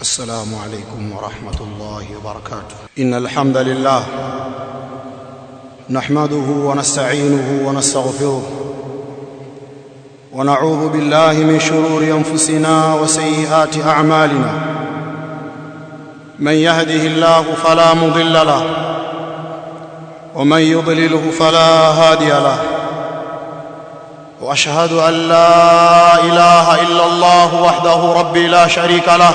السلام عليكم ورحمة الله وبركاته إن الحمد لله نحمده ونستعينه ونستغفره ونعوذ بالله من شرور أنفسنا وسيئات أعمالنا من يهده الله فلا مضل له ومن يضلله فلا هادي له واشهد ان لا اله الا الله وحده ربي لا شريك له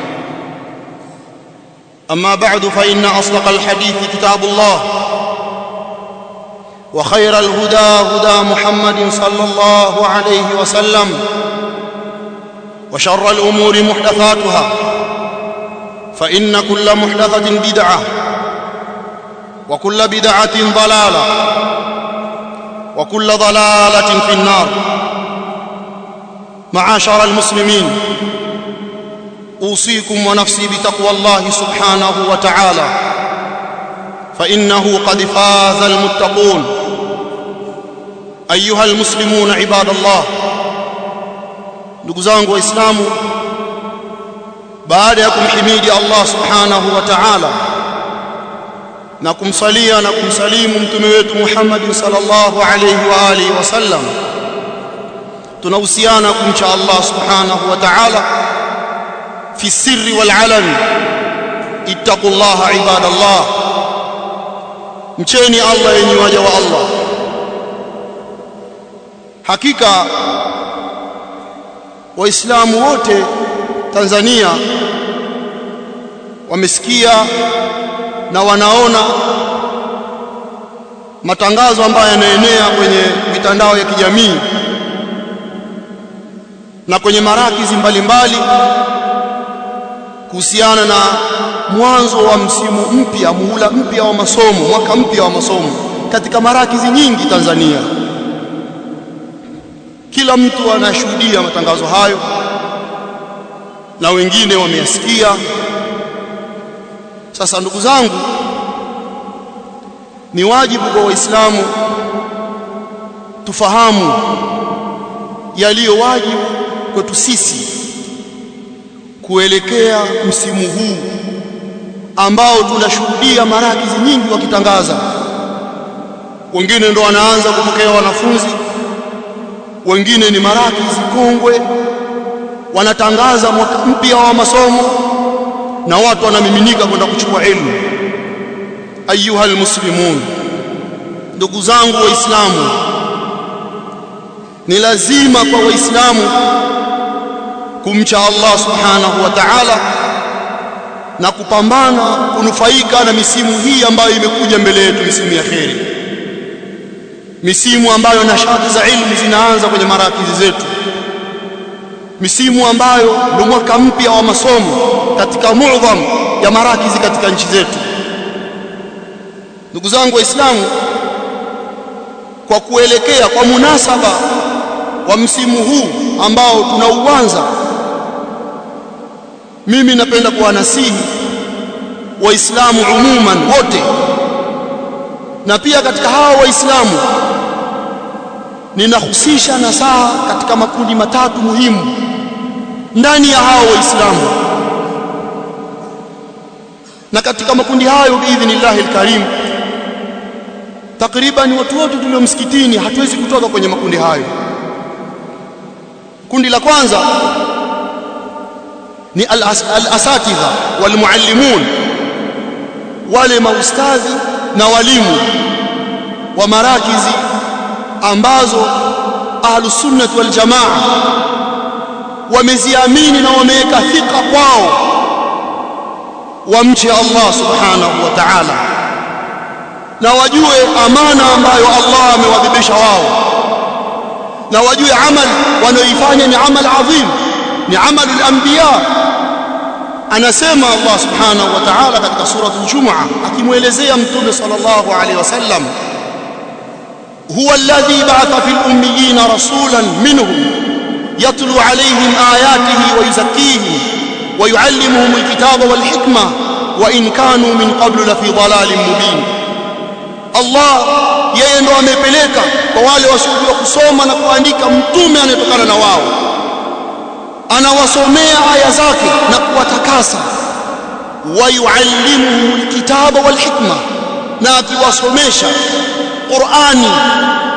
أما بعد فإن أصدق الحديث كتاب الله وخير الهدى هدى محمد صلى الله عليه وسلم وشر الأمور محدثاتها فإن كل محدثة بدعة وكل بدعة ضلالة وكل ضلالة في النار معاشر المسلمين اوصيكم ونفسي بتقوى الله سبحانه وتعالى فانه قد فاز المتقون ايها المسلمون عباد الله ndugu zangu waislamu baada ya kumhimidi Allah subhanahu wa ta'ala na kumsalia na kumsalimu mtume wetu Muhammad sallallahu alayhi wa alihi wasallam tunahusiana kumcha Allah subhanahu wa ta'ala fi sirri wal alan ittaqullaha ibadallah mcheni Allah yenye waja wa Allah hakika waislamu wote Tanzania wamesikia na wanaona matangazo ambayo yanaenea kwenye mitandao ya kijamii na kwenye marakizi mbalimbali mbali, kuhusiana na mwanzo wa msimu mpya, muhula mpya wa masomo, mwaka mpya wa masomo katika marakizi nyingi Tanzania. Kila mtu anashuhudia matangazo hayo na wengine wameyasikia. Sasa ndugu zangu, ni wajibu kwa Waislamu tufahamu yaliyo wajibu kwetu sisi kuelekea msimu huu ambao tunashuhudia marakizi nyingi wakitangaza, wengine ndo wanaanza kupokea wanafunzi, wengine ni marakizi kongwe, wanatangaza mwaka mpya wa masomo na watu wanamiminika kwenda kuchukua elimu. Ayuha almuslimun, ndugu zangu Waislamu, ni lazima kwa Waislamu kumcha Allah subhanahu wa ta'ala na kupambana kunufaika na misimu hii ambayo imekuja mbele yetu, misimu ya kheri, misimu ambayo nashati za ilmu zinaanza kwenye marakizi zetu, misimu ambayo ndio mwaka mpya wa masomo katika muadham ya marakizi katika nchi zetu. Ndugu zangu Waislamu, kwa kuelekea kwa munasaba wa msimu huu ambao tunauanza mimi napenda kuwanasihi waislamu umuman wote na pia katika hawa waislamu ninahusisha nasaha katika makundi matatu muhimu ndani ya hawa waislamu na katika makundi hayo biidhnillahi lkarim takriban watu wote tulio msikitini hatuwezi kutoka kwenye makundi hayo kundi la kwanza ni al-asatidha walmuallimun wale maustadhi na walimu wa marakizi ambazo ahlus waljamaa wameziamini na wameweka thika kwao wamche Allah subhanahu wa ta'ala na wajue amana ambayo Allah amewabebesha wao na wajue amal wanayoifanya ni amal adhim ni amali al-anbiya anasema Allah subhanahu wa ta'ala katika surah al-jumu'a akimuelezea mtume sallallahu alayhi wasallam huwa alladhi ba'atha fil ummiyina rasulan minhum yatlu alayhim ayatihi wa yuzakkihim wa yuallimuhum al-kitaba wal hikma wa in kanu min qablu la fi dalalin mubin Allah yeye ndo amepeleka kwa wale wasiojua kusoma na kuandika mtume anayetokana na wao anawasomea aya zake na kuwatakasa wayuallimuhum alkitaba walhikma na akiwasomesha Qur'ani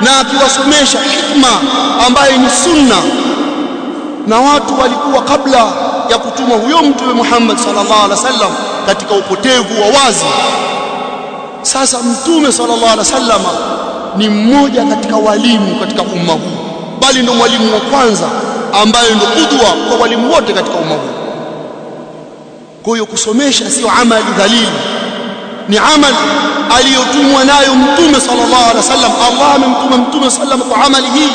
na akiwasomesha hikma ambaye ni sunna na watu walikuwa kabla ya kutuma huyo mtume Muhammad sallallahu alaihi wasallam katika upotevu wa wazi sasa mtume sallallahu alaihi wasallam ni mmoja katika walimu katika umma huu bali ndo mwalimu wa kwanza ambayo ndio kudwa kwa walimu wote katika umma huu kwa hiyo kusomesha sio amali dhalili ni amali aliyotumwa nayo mtume sallallahu alaihi wasallam Allah amemtuma mtume sallam kwa amali hii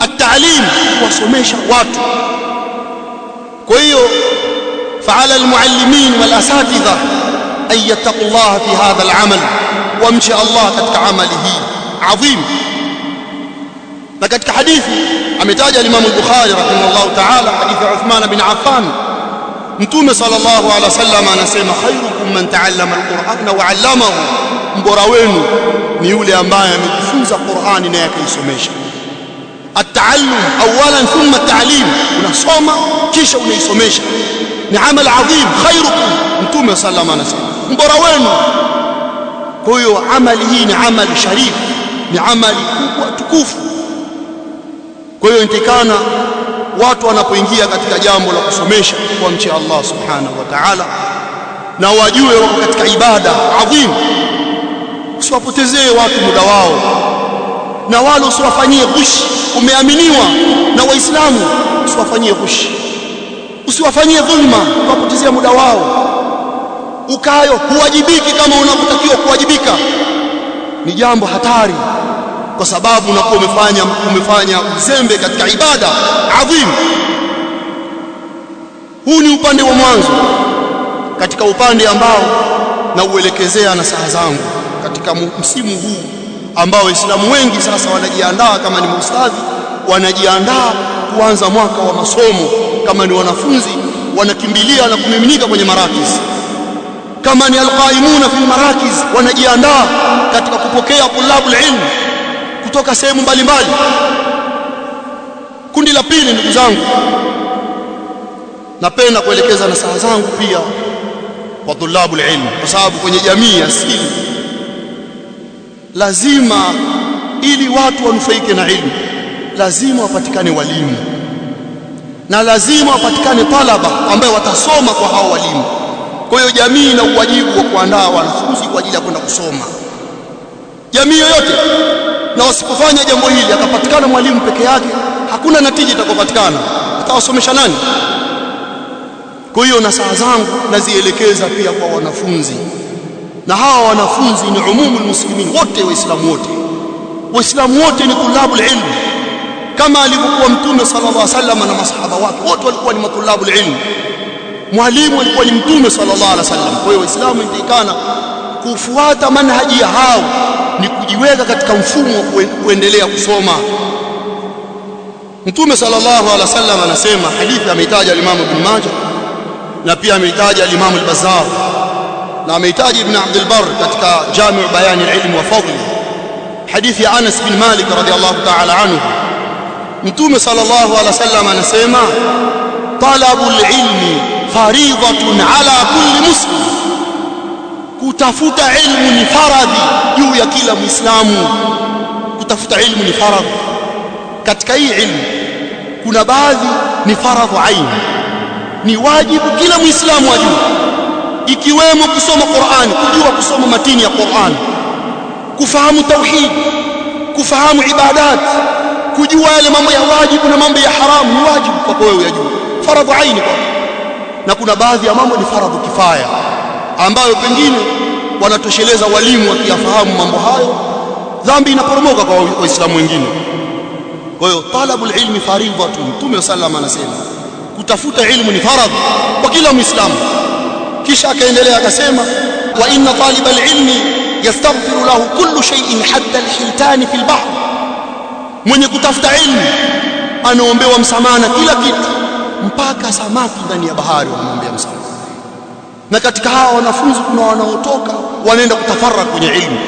at-ta'lim kuwasomesha watu kwa hiyo فعلى المعلمين والأساتذة أن يتقوا الله في هذا العمل Allah katika amali hii عظيم na katika hadithi ametaja Imam Bukhari rahimahullahu ta'ala hadithi ya Uthman bin Affan Mtume sallallahu alaihi wasallam anasema khairukum man ta'allama al-Qur'ana wa 'allamahu mbora wenu ni yule ambaye amejifunza Qur'ani na akaisomesha التعلم اولا ثم التعليم unasoma kisha unaisomesha ni amal adhim khairukum mtume sallallahu alaihi wasallam mbora wenu kwa hiyo amali hii ni amali sharif ni amali kubwa tukufu kwa hiyo intikana watu wanapoingia katika jambo la kusomesha kwa mcha Allah subhanahu wa ta'ala, na wajue wako katika ibada adhimu. Usiwapotezee watu muda wao, na wale usiwafanyie ghushi. Umeaminiwa na Waislamu, usiwafanyie ghushi, usiwafanyie dhulma, ukawapotezea muda wao ukayo huwajibiki kama unavyotakiwa kuwajibika, ni jambo hatari kwa sababu unakuwa umefanya umefanya uzembe katika ibada adhim huu ni upande wa mwanzo katika upande ambao na uelekezea na saha zangu katika msimu huu ambao waislamu wengi sasa wanajiandaa kama ni maustadhi wanajiandaa kuanza mwaka wa masomo kama ni wanafunzi wanakimbilia na kumiminika kwenye marakiz kama ni alqaimuna fil marakiz wanajiandaa katika kupokea tulabu ilm kutoka sehemu mbalimbali. Kundi la pili, ndugu zangu, napenda kuelekeza na saha zangu pia kwa tulabu ilmu, kwa sababu kwenye jamii asili lazima, ili watu wanufaike na ilmu, lazima wapatikane walimu na lazima wapatikane talaba ambao watasoma kwa hao walimu. Kwa hiyo jamii ina uwajibu wa kuandaa wanafunzi kwa ajili ya kwenda kusoma, jamii yoyote na wasipofanya jambo hili akapatikana mwalimu peke yake, hakuna natija itakopatikana Atawasomesha nani? Kwa hiyo na saa zangu nazielekeza pia kwa wanafunzi, na hawa wanafunzi ni umumu lmuslimin wote, waislamu wote, waislamu wote ni tulabul ilm, kama alivyokuwa Mtume sallallahu alaihi wasallam na masahaba wake wote walikuwa ni matulabul ilm. Mwalimu alikuwa ni Mtume sallallahu alaihi wasallam. Kwa hiyo waislamu inatakikana kufuata manhaji ya hao ni kujiweka katika mfumo wa kuendelea kusoma. Mtume sallallahu alaihi wasallam anasema, hadithi ameitaja al-Imam Ibn Majah na pia ameitaja al-Imam al-Bazzar na ameitaja Ibn Abd barr katika Jami' Bayan al-Ilm wa Fadli, hadithi ya Anas bin Malik radhiyallahu ta'ala anhu. Mtume sallallahu alaihi wasallam anasema, talabu al-ilmi faridhatun ala kulli muslim kutafuta ilmu ni faradhi juu ya kila Muislamu. Kutafuta ilmu ni faradhi. Katika hii ilmu kuna baadhi ni faradhu aini, ni wajibu kila Muislamu ajue, ikiwemo kusoma Qur'an, kujua kusoma matini ya Qur'an, kufahamu tauhidi kufahamu ibadat, kujua yale mambo ya wajibu na mambo ya haramu. Ni wajibu kwako wewe uyajue, faradhu aini kwako, na kuna baadhi ya mambo ni faradhu kifaya ambayo pengine wanatosheleza walimu wakiyafahamu mambo hayo, dhambi inaporomoka kwa waislamu wengine. Kwa hiyo talabul ilmi faridhatu, Mtume sallam anasema kutafuta ilmu ni faradhi kwa kila Mwislamu. Kisha akaendelea akasema, wa inna taliba alilmi yastaghfiru lahu kullu shay'in hatta alhitan fi albahr mwenye kutafuta ilmu anaombewa msamaha kila kitu, mpaka samaki ndani ya bahari wa na katika hawa wanafunzi kuna wanaotoka wanaenda kutafarra kwenye ilmu,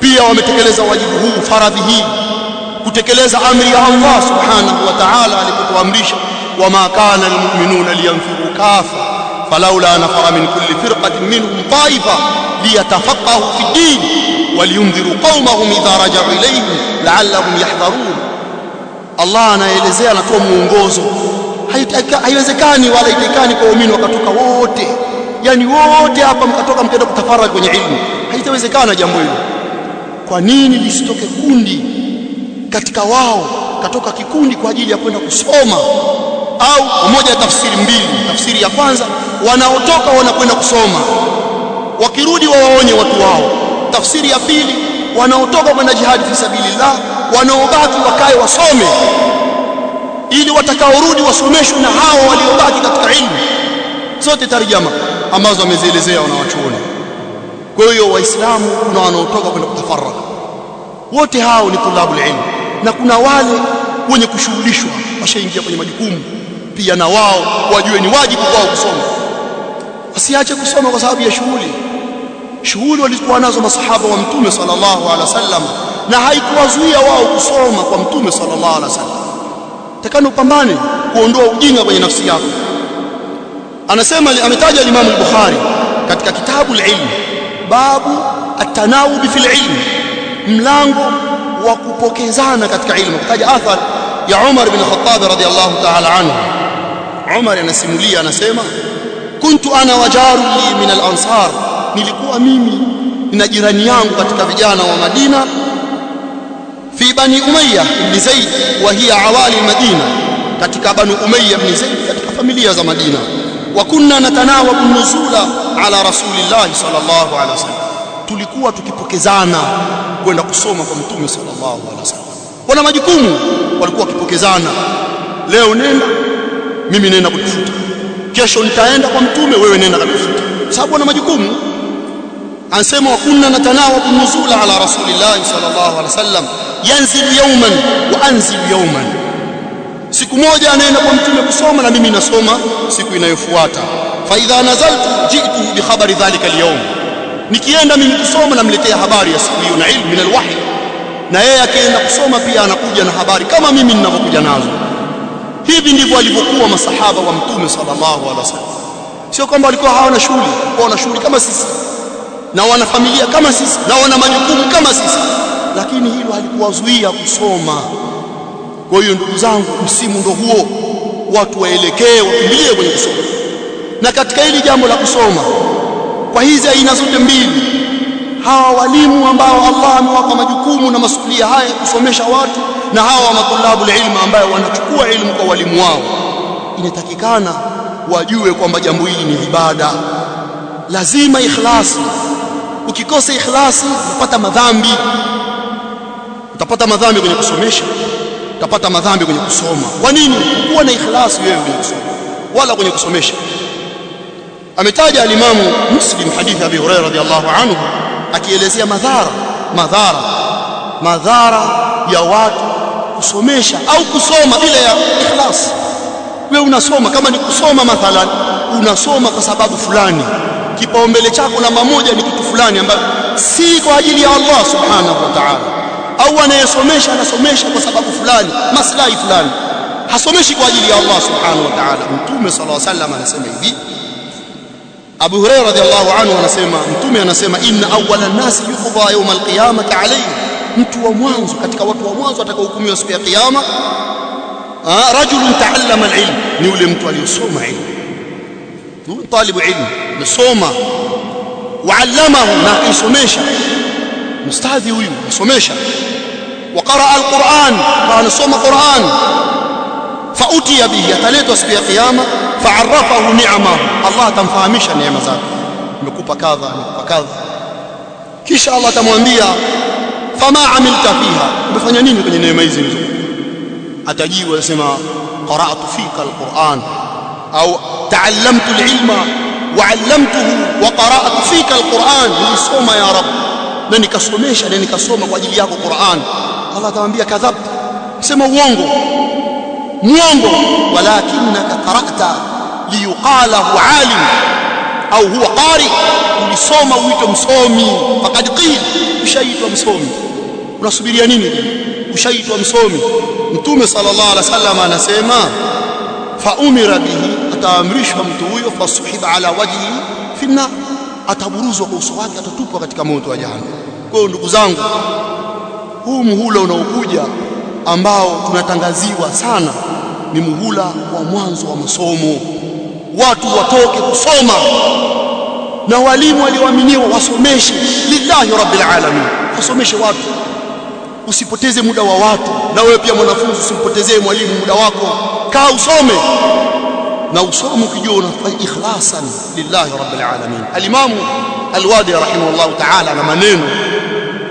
pia wametekeleza wajibu huu, faradhi hii, kutekeleza amri ya Allah subhanahu wa ta'ala alipotuamrisha, wama kana almu'minuna liyanfiru kafa falaula nafara min kulli firqatin minhum taifa liyatafaqahu fi ddin waliyundhiru qaumahum idha rajau ilayhim laallahum yahdharun. Allah anaelezea, anatoa mwongozo. Haiwezekani wala haitakikani kwa waumini wakatoka wote yani wote hapa mkatoka mkaenda kutafaraka kwenye ilmu, haitawezekana jambo hilo. Kwa nini lisitoke kundi katika wao, katoka kikundi kwa ajili ya kwenda kusoma au moja ya tafsiri mbili. Tafsiri ya kwanza, wanaotoka wanakwenda kusoma, wakirudi wawaonye watu wao. Tafsiri ya pili, wanaotoka kwenda jihadi fi sabilillah, wanaobaki wakae wasome, ili watakaorudi wasomeshwe na hao waliobaki katika ilmu. Sote tarjama ambazo wamezielezea wanawachuoni. Kwa hiyo Waislamu kuna wanaotoka kwenda kutafaraka, wote hao ni tulabu ilmu, na kuna wale wenye kushughulishwa washaingia kwenye majukumu pia, na wao wajue ni wajibu kwao kusoma, wasiache kusoma kwa sababu ya shughuli shughuli walikuwa nazo masahaba wa Mtume sallallahu alaihi wasallam, na haikuwazuia wao kusoma kwa Mtume sallallahu alaihi wasallam. takano upambane kuondoa ujinga kwenye nafsi yako anasema ametaja Imam al-Bukhari katika kitabu al-ilm babu at-tanawub fil ilm mlango wa kupokezana katika ilmu kutaja athar ya Umar bin Khattab radhiyallahu ta'ala anhu Umar anasimulia anasema kuntu ana wajaru li min al-ansar nilikuwa mimi na jirani yangu katika vijana wa Madina fi bani Umayya ibn Zaid wa hiya awali Madina katika bani Umayya ibn Zaid katika familia za Madina wa kunna natanawabu nuzula ala rasulillahi sallallahu alaihi wasallam, tulikuwa tukipokezana kwenda kusoma kwa mtume sallallahu alaihi wasallam wana majukumu walikuwa wakipokezana leo nenda mimi nenda kutafuta kesho nitaenda kwa mtume wewe nenda kutafuta sababu wana majukumu ansema wa kunna natanawabu nuzula ala rasulillahi sallallahu alaihi wasallam yanzilu yawman wa anzilu yawman siku moja anaenda kwa mtume kusoma na mimi nasoma siku inayofuata. fa idha nazaltu ji'tu bi khabari dhalika alyawm nikienda mimi kusoma namletea habari ya siku hiyo na ilmu min alwahi, na yeye akienda kusoma pia anakuja na habari kama mimi ninavyokuja nazo. Hivi ndivyo alivyokuwa masahaba wa mtume sallallahu alaihi wasallam. Sio kwamba walikuwa hawana shughuli, walikuwa wana shughuli kama sisi na wana familia kama sisi na wana majukumu kama sisi, lakini hilo halikuwazuia kusoma. Kwa hiyo ndugu zangu, msimu ndo huo, watu waelekee, wakimbilie kwenye kusoma. Na katika hili jambo la kusoma kwa hizi aina zote mbili, hawa walimu ambao Allah amewapa majukumu na masuhulia haya kusomesha watu, na hawa matulabul ilmu ambayo wanachukua elimu kwa walimu wao, inatakikana wajue kwamba jambo hili ni ibada, lazima ikhlasi. Ukikosa ikhlasi, utapata madhambi, utapata madhambi kwenye kusomesha utapata madhambi kwenye kusoma. Kwa nini? Kuwa na ikhlasi wewe kwenye kusoma wala kwenye kusomesha. Ametaja alimamu Muslim hadithi Abi Hurairah radhiallahu anhu akielezea madhara madhara madhara ya watu kusomesha au kusoma bila ya ikhlas. Wewe unasoma kama ni kusoma mathalan, unasoma kwa sababu fulani, kipaumbele chako namba moja ni kitu fulani ambayo si kwa ajili ya Allah subhanahu wa ta'ala au anayesomesha anasomesha kwa sababu fulani maslahi fulani hasomeshi kwa ajili ya Allah subhanahu wa ta'ala mtume sallallahu alayhi wasallam anasema hivi Abu Hurairah radhiallahu anhu anasema mtume anasema inna awwala nasi yuqda yawm alqiyamati alayhi mtu wa mwanzo katika watu wa mwanzo atakaohukumiwa siku ya kiyama rajulun taallama alilm ni yule mtu aliyosoma ilmu talibu ilmu amesoma waallamahu na akaisomesha mustadhi huyu asomesha وقرأ القرآن فأنصوم قرآن فأتي به يتليت siku ya kiyama فعرفه نعمه allah atamfahamisha neema zake nimekupa kadha nimekupa kadha kisha Allah atamwambia fama amilta fiha umefanya nini kwenye neema hizi nzuri atajibu anasema qara'tu fika alquran au ta'allamtu alilma wa'allamtuhu wa qara'tu fika alquran nilisoma ya rab na nikasomesha na nikasoma kwa ajili yako quran Allah atamwambia kadhabta, sema uongo muongo, walakinaka qara'ta liyuqala huwa alim au huwa qari, ulisoma uitwe msomi. Faqad qil, ushaitwa msomi, unasubiria nini? Ushaitwa msomi. Mtume sallallahu alaihi wasallam anasema fa umira bihi, ataamrishwa mtu huyo, fasuhiba ala wajhihi finna, ataburuzwa kwa uso wake, atatupwa katika moto wa jahannam. Kwa hiyo ndugu zangu huu muhula unaokuja ambao tunatangaziwa sana ni muhula wa mwanzo wa masomo. Watu watoke kusoma na walimu walioaminiwa wasomeshe, lillahi rabbil alamin, wasomeshe watu. Usipoteze muda wa watu, na wewe pia mwanafunzi usimpotezee mwalimu muda wako. Kaa usome na usome ukijua unafanya ikhlasan lillahi rabbil alamin. Alimamu Alwadi rahimahullahu ta'ala na maneno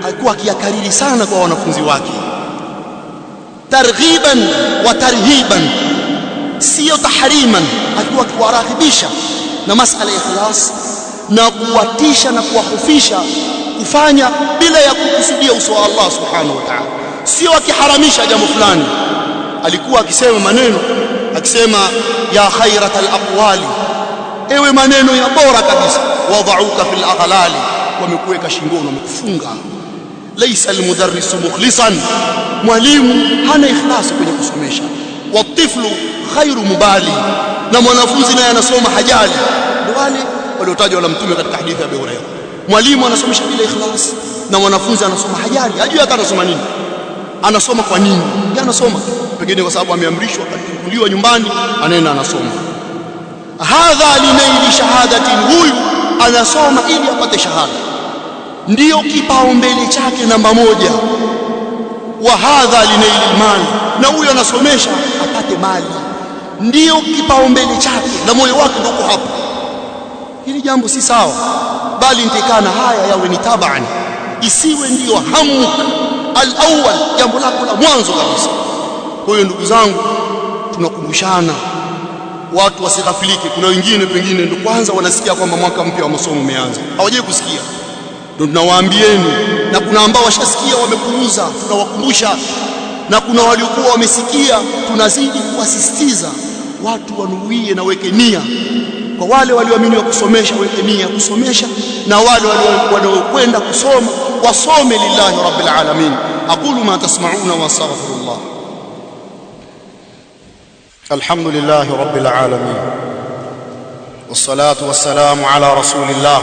alikuwa akiyakariri sana kwa wanafunzi wake targhiban wa tarhiban sio tahriman alikuwa akiwaraghibisha na masala ya ikhlas na kuwatisha na kuwahofisha kufanya bila ya kukusudia uso wa Allah subhanahu wa ta'ala sio akiharamisha jambo fulani alikuwa akisema maneno akisema ya khairat alaqwali ewe maneno ya bora kabisa wadauka fil aghlali wamekuweka shingoni wamekufunga laysa almudarrisu mukhlisan, mwalimu hana ikhlasi kwenye kusomesha. Watiflu khairu mubali, na mwanafunzi naye anasoma hajali. Ndio wale waliotajwa na Mtume katika hadithi ya Abu Hurairah, mwalimu anasomesha bila ikhlasi na mwanafunzi anasoma hajali, hajui hata anasoma nini, anasoma kwa nini? Yeye anasoma pengine kwa sababu ameamrishwa, akachukuliwa nyumbani, anaenda anasoma. Hadha linaili shahadatin, huyu anasoma ili apate shahada ndiyo kipaumbele chake namba moja. Wa hadha mali na huyo anasomesha apate mali, ndiyo kipaumbele chake na moyo wake ndoko hapo. Hili jambo si sawa, bali nitakana haya yawe ni tabani, isiwe ndiyo hamu alawal, jambo lako la mwanzo kabisa. Kwa hiyo ndugu zangu, tunakumbushana watu wasighafilike. Kuna wengine pengine ndio kwanza wanasikia kwamba mwaka mpya wa masomo umeanza, hawajai kusikia ndio tunawaambieni, na kuna ambao washasikia wamepuuza, tunawakumbusha, na kuna waliokuwa wamesikia, tunazidi kuwasisitiza watu wanuie na weke nia. Kwa wale walioamini wa kusomesha, weke nia kusomesha, na wale wanaokwenda kusoma wasome, lillahi rabbil alamin. Aqulu ma tasmauna wa astaghfirullah. Alhamdulillahi rabbil alamin wassalatu wassalamu ala rasulillah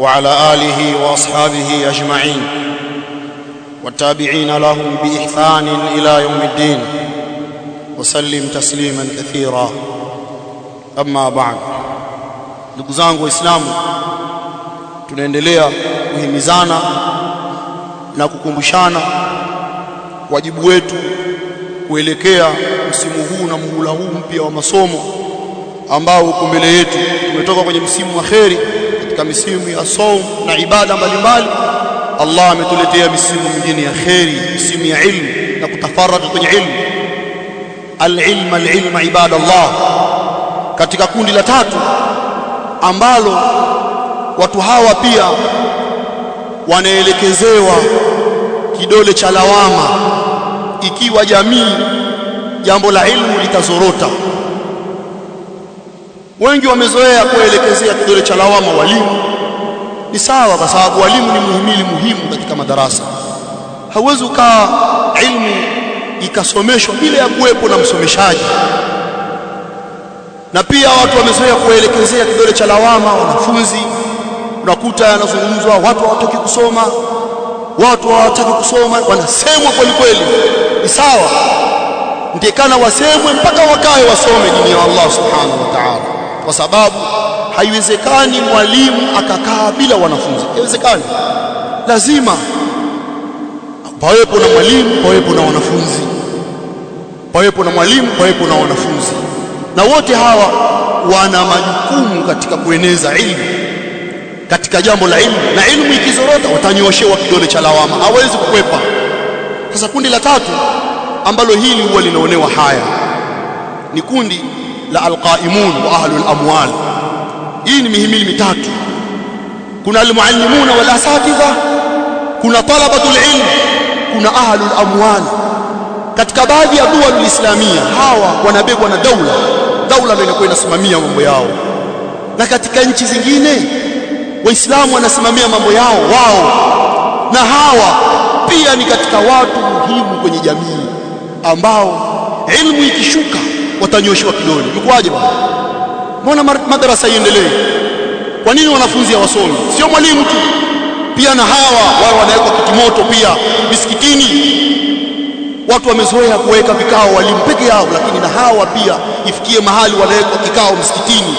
وعلى آله وأصحابه أجمعين والتابعين لهم بإحسان إلى يوم الدين وسلم تسليما كثيرا أما بعد ndugu zangu waislamu tunaendelea kuhimizana na kukumbushana wajibu wetu kuelekea msimu huu na muhula huu mpya wa masomo ambao uko mbele yetu tumetoka kwenye msimu wa kheri katika misimu ya saum na ibada mbalimbali. Allah ametuletea misimu mingine ya kheri, misimu ya ilmu na kutafaraka kwenye ilmu. alilma alilma ibada Allah, katika kundi la tatu ambalo watu hawa pia wanaelekezewa kidole cha lawama ikiwa jamii jambo la ilmu litazorota Wengi wamezoea kuelekezea kidole cha lawama walimu. Ni sawa, kwa sababu walimu ni muhimili muhimu katika madarasa. Hauwezi ukaa ilmu ikasomeshwa bila ya kuwepo na msomeshaji. Na pia watu wamezoea kuelekezea kidole cha lawama wanafunzi. Unakuta yanazungumzwa, watu hawataki kusoma, watu hawataki kusoma, wanasemwa kweli kweli. Ni sawa, ndikana wasemwe mpaka wakae wasome dini ya Allah subhanahu wa ta'ala kwa sababu haiwezekani mwalimu akakaa bila wanafunzi, haiwezekani. Lazima pawepo na mwalimu, pawepo na wanafunzi, pawepo na mwalimu, pawepo na wanafunzi, na wote hawa wana majukumu katika kueneza ilmu, katika jambo la ilmu. Na ilmu ikizorota, watanyoshewa kidole cha lawama, hawezi kukwepa. Sasa kundi la tatu ambalo hili huwa linaonewa haya ni kundi la alqaimun wa ahlu alamwal. Hii ni mihimili mitatu, kuna almuallimuna wal asatiza, kuna talabatul ilm, kuna ahlu alamwal. Katika baadhi ya dua islamia hawa wanabebwa na daula, daula ndio inakuwa inasimamia mambo yao, na katika nchi zingine waislamu wanasimamia mambo yao wao, na hawa pia ni katika watu muhimu kwenye jamii ambao ilmu ikishuka watanyoshwa kidole. Imekuwaje bwana? Mbona madarasa iendelee? Kwa nini wanafunzi hawasomi? Sio mwalimu tu, pia na hawa wao wanawekwa kitimoto pia misikitini. Watu wamezoea kuweka vikao walimu peke yao, lakini na hawa pia ifikie mahali wanawekwa kikao msikitini.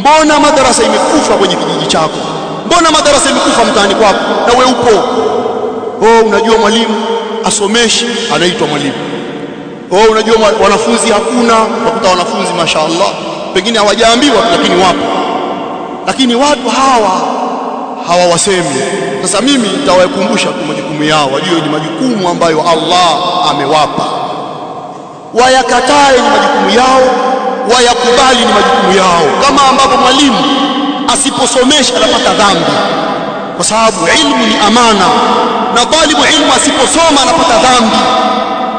Mbona madarasa imekufa kwenye kijiji chako? Mbona madarasa imekufa mtaani kwako? Na we upo oh, unajua mwalimu asomeshi anaitwa mwalimu oh, unajua wanafunzi hakuna. Wakuta wanafunzi mashaallah, pengine hawajaambiwa lakini wapo, lakini watu hawa hawawasemi. Sasa mimi nitawakumbusha kwa majukumu yao, wajue ni majukumu ambayo Allah amewapa, wayakatae ni majukumu yao, wayakubali ni majukumu yao, kama ambapo mwalimu asiposomesha anapata dhambi, kwa sababu ilmu ni amana, na talibu ilmu asiposoma anapata dhambi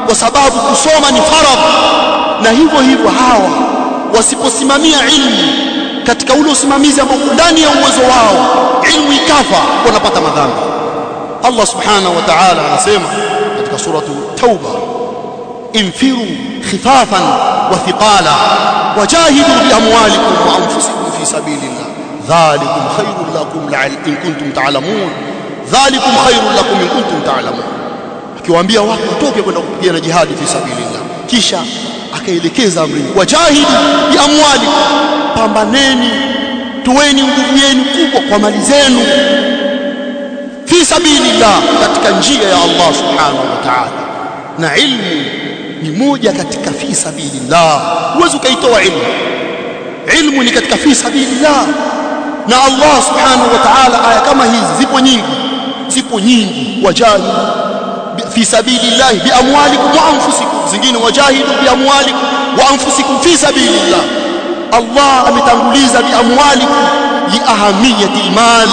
kwa sababu kusoma ni faradhi na hivyo hivyo hawa wasiposimamia ilmu katika ule usimamizi ambao ndani ya uwezo wao ilmu ikafa wanapata madhambi Allah subhanahu wa ta'ala anasema katika suratu tauba infiru khifafan wa thiqala wajahidu bi amwalikum wa anfusikum fi sabilillah dhalikum khairul lakum in kuntum ta'lamun dhalikum khairul lakum in kuntum ta'lamun akiwaambia watu watoke kwenda kupigana jihadi fi sabilillah, kisha akaelekeza amri wajahidi bi amwali, pambaneni, toweni nguvu yenu kubwa kwa mali zenu, fi sabilillah, katika njia ya Allah subhanahu wa ta'ala. Na ilmu ni moja katika fi sabilillah, huwezi ukaitoa ilmu. Ilmu ni katika fi sabilillah, na Allah subhanahu wa ta'ala, aya kama hizi zipo nyingi, zipo nyingi. wajahidi fi sabilillahi amwalikum wa anfusikum, zingine wajahidu amwalikum wa anfusikum fi sabilillah. Allah ametanguliza li ahamiyati almal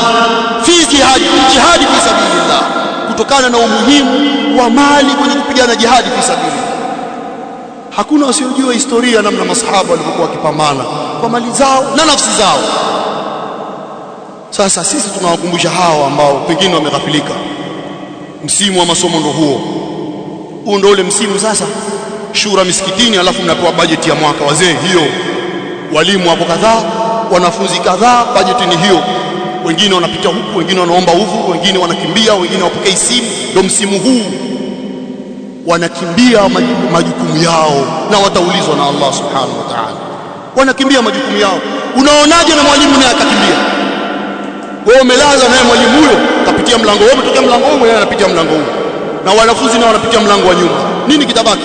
fi jihadi jihad fi sabilillah, kutokana na umuhimu wa mali kwenye kupigana jihadi fi sabilillah. Hakuna wasiojua historia namna masahaba walivyokuwa wakipambana kwa mali zao na nafsi zao. Sasa sisi tunawakumbusha hao ambao pengine wameghafilika. Msimu wa masomo ndo huo, huu ndo ule msimu sasa, shura misikitini, alafu mnapewa bajeti ya mwaka. Wazee hiyo, walimu hapo kadhaa, wanafunzi kadhaa, bajeti ni hiyo. Wengine wanapita huku, wengine wanaomba uvu, wengine wanakimbia, wengine wapokei simu. Ndo msimu huu wanakimbia majukumu yao na wataulizwa na Allah subhanahu wa ta'ala. Wanakimbia majukumu yao. Unaonaje na mwalimu naye akakimbia? Wewe umelaza naye mwalimu huyo anapitia mlango wewe, umetokea mlango huu, mwenyewe anapitia mlango huu, na wanafunzi nao wanapitia mlango wa nyuma. Nini kitabaki?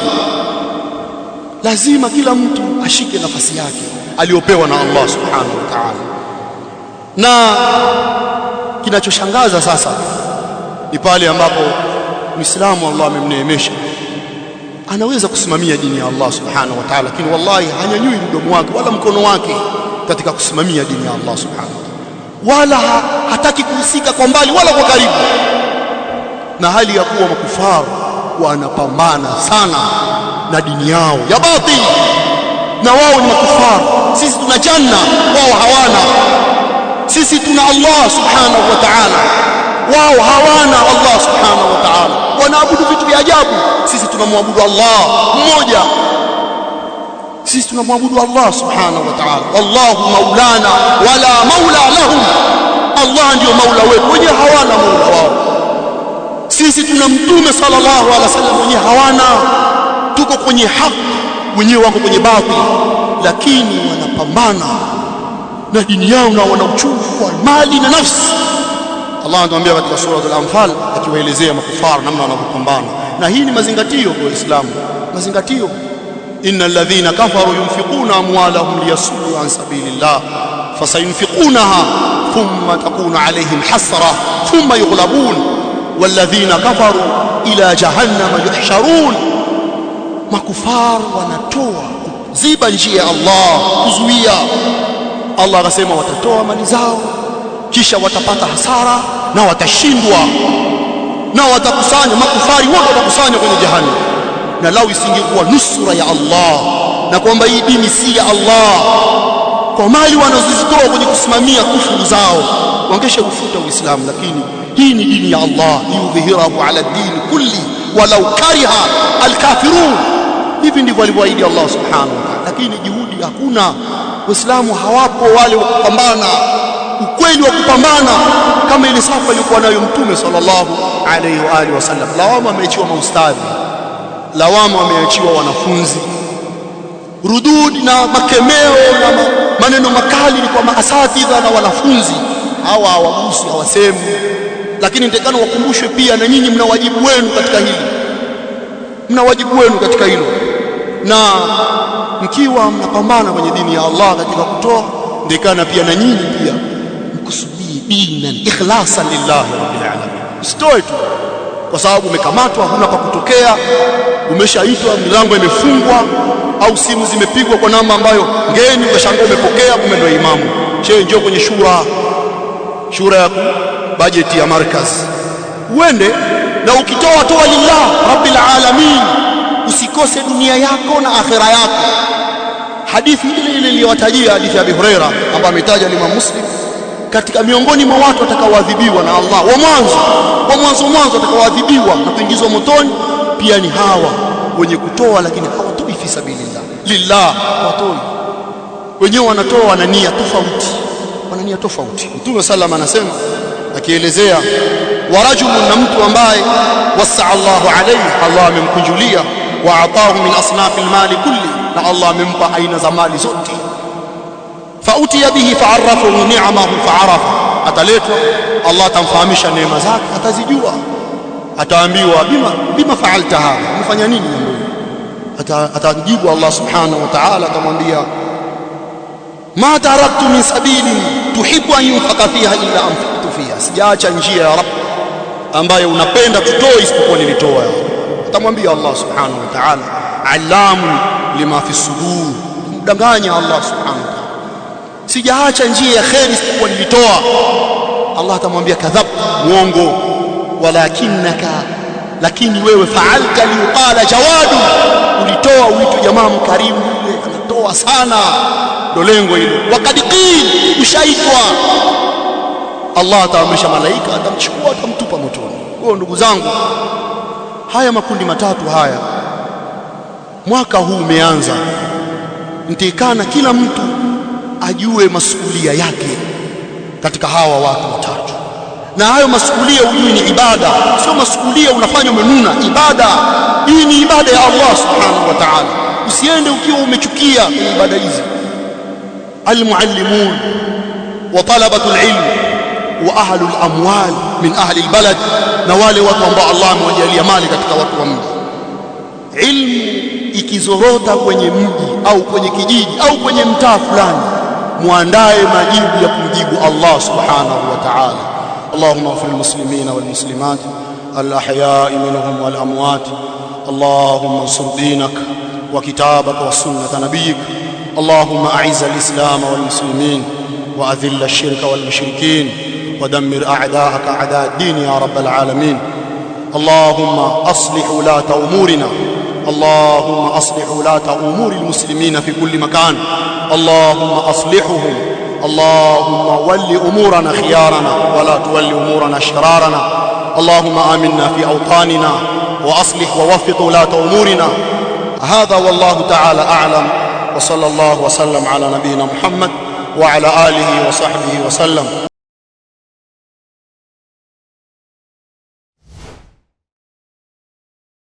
Lazima kila mtu ashike nafasi yake aliyopewa na Allah subhanahu wa ta'ala. Na kinachoshangaza sasa ni pale ambapo Muislamu Allah amemneemesha anaweza kusimamia dini ya Allah subhanahu wa ta'ala, lakini wallahi hanyanyui mdomo wake wala mkono wake katika kusimamia dini ya Allah subhanahu wala hataki kuhusika kwa mbali wala kwa karibu, na hali ya kuwa makufaru wanapambana sana na dini yao ya batili, na wao ni makufaru. Sisi tuna janna, wao hawana. Sisi tuna Allah subhanahu wa ta'ala, wao hawana Allah subhanahu wa ta'ala. Wanaabudu vitu vya ajabu, sisi tunamwabudu Allah mmoja sisi tunamwabudu Allah subhanahu wa ta'ala wallahu maulana wala maula lahum Allah ndio maula wetu wenyewe hawana maula wao sisi tuna mtume sallallahu alaihi wasallam wenyewe hawana tuko kwenye haki wenyewe wako kwenye batili lakini wanapambana na dini yao na uchungu wa mali na nafsi Allah anatuambia katika sura al-Anfal akiwaelezea makufara namna wanavyopambana na hii ni mazingatio kwa Uislamu mazingatio ان الذين كفروا ينفقون اموالهم ليصدوا عن سبيل الله فسينفقونها ثم تكون عليهم حسره ثم يغلبون والذين كفروا الى جهنم يحشرون ما مكفار ونتوى زيبا نجي الله كزويا الله قسم وتتوى من زاو كيشا وتطات حساره نا وتشندوا ما وتكسان مكفار وتكسان في جهنم na lau isingekuwa nusura ya Allah na kwamba hii dini si ya Allah, kwa mali wanazozitoa kwenye kusimamia kufuru zao kufuta Uislamu, lakini hii ni dini ya Allah, liudhhirahu ala dini kulli walau kariha alkafirun. Hivi ndivyo alivyoahidi Allah subhanahu wa ta'ala, lakini juhudi hakuna. Waislamu hawapo wale wa kupambana ukweli wa kupambana kama ile safa iliyokuwa nayo Mtume sallallahu alayhi wa alihi wasallam. Lawama ameachiwa maustadhi lawama wameachiwa wanafunzi. Rudud na makemeo na maneno makali ni kwa maasatidha na wanafunzi hawa hawagusi, hawasemi, lakini nitakana wakumbushwe pia, na nyinyi mna wajibu wenu katika hili, mna wajibu wenu katika hilo, na mkiwa mnapambana kwenye dini ya Allah katika kutoa, ndekana pia na nyinyi pia mkusudie dinan ikhlasan lillahi rabbil alamin, stoi tu kwa sababu umekamatwa, huna pa kutokea, umeshaitwa, milango imefungwa, au simu zimepigwa kwa namba ambayo ngeni, ukashangaa umepokea, kumbe ndio imamu. chee njoo kwenye shura, shura ya bajeti ya markaz uende na ukitoa toa lillah rabbil alamin, usikose dunia yako na akhera yako. Hadithi ile ile iliyowatajia hadithi ya Abi Huraira ambayo ametaja Imam Muslim katika miongoni mwa watu watakaoadhibiwa na Allah wa mwanzo wa mwanzo mwanzo watakaoadhibiwa na kuingizwa motoni pia ni hawa wenye kutoa, lakini hawatoi fi sabilillah lillah, hawatoi wenyewe, wanatoa wana nia tofauti, wana nia tofauti. Mtume sallam anasema akielezea, wa rajulun, na mtu ambaye wasaa Allah alayhi, Allah amemkunjulia, wa ataahu min asnafil mali kulli, na Allah amempa aina za mali zote fautiya bihi faarafahu ni'amahu faarafa ataletwa Allah atamfahamisha neema zake atazijua ataambiwa bima bima fa'alta hadha umefanya nini jambo hili atajibu Allah subhanahu wa ta'ala atamwambia ma taraktu min sabili tuhibu an yunfaka fiha illa anfaktu fiha sijaacha njia ya rabb ambayo unapenda tutoe isipokuwa nilitoa atamwambia Allah subhanahu wa ta'ala alamu lima fi sudur mdanganya Allah subhanahu sijaacha njia ya kheri isipokuwa nilitoa. Allah atamwambia kadhab, mwongo. Walakinaka, lakini wewe faalta liqala jawadu, ulitoa uitwe jamaa mkarimu, yule anatoa sana, ndo lengo hilo. wakadiki qil, ushaitwa. Allah ataamrisha malaika, atamchukua atamtupa motoni. Huyo ndugu zangu, haya makundi matatu haya mwaka huu umeanza, ntikana kila mtu ajue masuulia yake katika hawa watu watatu. Na hayo masuulia hujui ni ibada, sio masuulia unafanya umenuna. Ibada hii ni ibada ya Allah subhanahu wa ta'ala. Usiende ukiwa umechukia ibada hizi. Almuallimun wa talabatu alilm wa ahlu amwal min ahli albalad, na wale watu ambao Allah amewajalia mali katika watu wa mji. Ilmu ikizorota kwenye mji au kwenye kijiji au kwenye mtaa fulani muandae majibu ya kumjibu Allah subhanahu wa ta'ala Allahumma ighfir lilmuslimina walmuslimat الأحياء منهم والأموات اللهم انصر دينك وكتابك وسنة نبيك اللهم أعز الإسلام والمسلمين وأذل الشرك والمشركين ودمر أعداءك أعداء الدين يا رب العالمين اللهم أصلح ولاة أمورنا اللهم أصلح ولاة أمور المسلمين في كل مكان اللهم أصلحهم اللهم ول أمورنا خيارنا ولا تول أمورنا شرارنا اللهم آمنا في أوطاننا وأصلح ووفق ولاة أمورنا هذا والله تعالى أعلم وصلى الله وسلم على نبينا محمد وعلى آله وصحبه وسلم